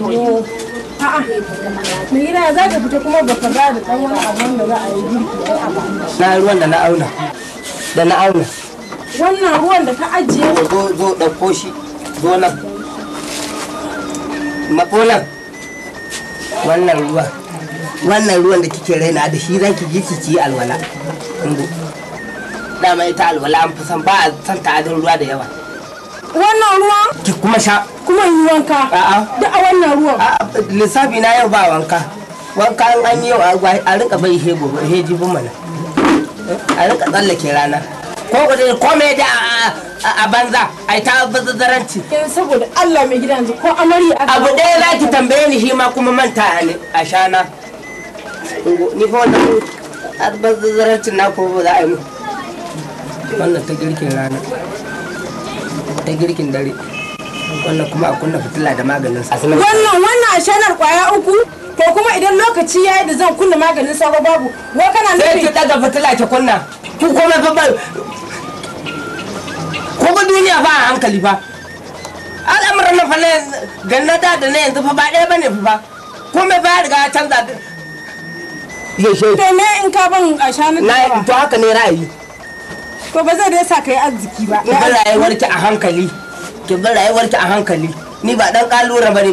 no za ka fita kuma ba ka wani da za a yi girki ko a ba na ruwan da na auna da na auna wannan ruwan da ka ajiye zo zo shi zo nan mako nan wannan ruwa wannan ruwan da kike raina da shi zaki girki ki yi alwala dama ita alwala an fi san ba a san ta ruwa da yawa wannan ruwan ki kuma sha kuma yi wanka a'a da a wannan ruwan a'a lissafi na yau ba wanka wanka an yi yau a rinka bai heji hejibin mana eh, a rinka tsallake rana ko me da a banza a ta bazzaranci saboda Allah mai gidan ko amari a abu dai za ki tambaye ni shi ma kuma manta a shana ni fa wannan bazzaranci na ko za a yi wannan ta girkin rana ta girkin dare wannan kuma a kunna fitila da maganin sa wannan wannan a shanar kwaya uku ko kuma idan lokaci yayi da zan kunna maganin sabo babu wai kana nufi sai ki daga fitila ki kunna ki kuma fa ko ba duniya ba a hankali ba al'amuran na fa na gannata da ne yanzu fa ba ɗaya bane fa ba me ba ya riga ya canza yaushe to ne in ka ban a shanar da ba to haka ne ra'ayi to ba zai dai sa kai arziki ba ki bi rayuwarki a hankali ki bi rayuwarki a hankali ni ba dan kalura bane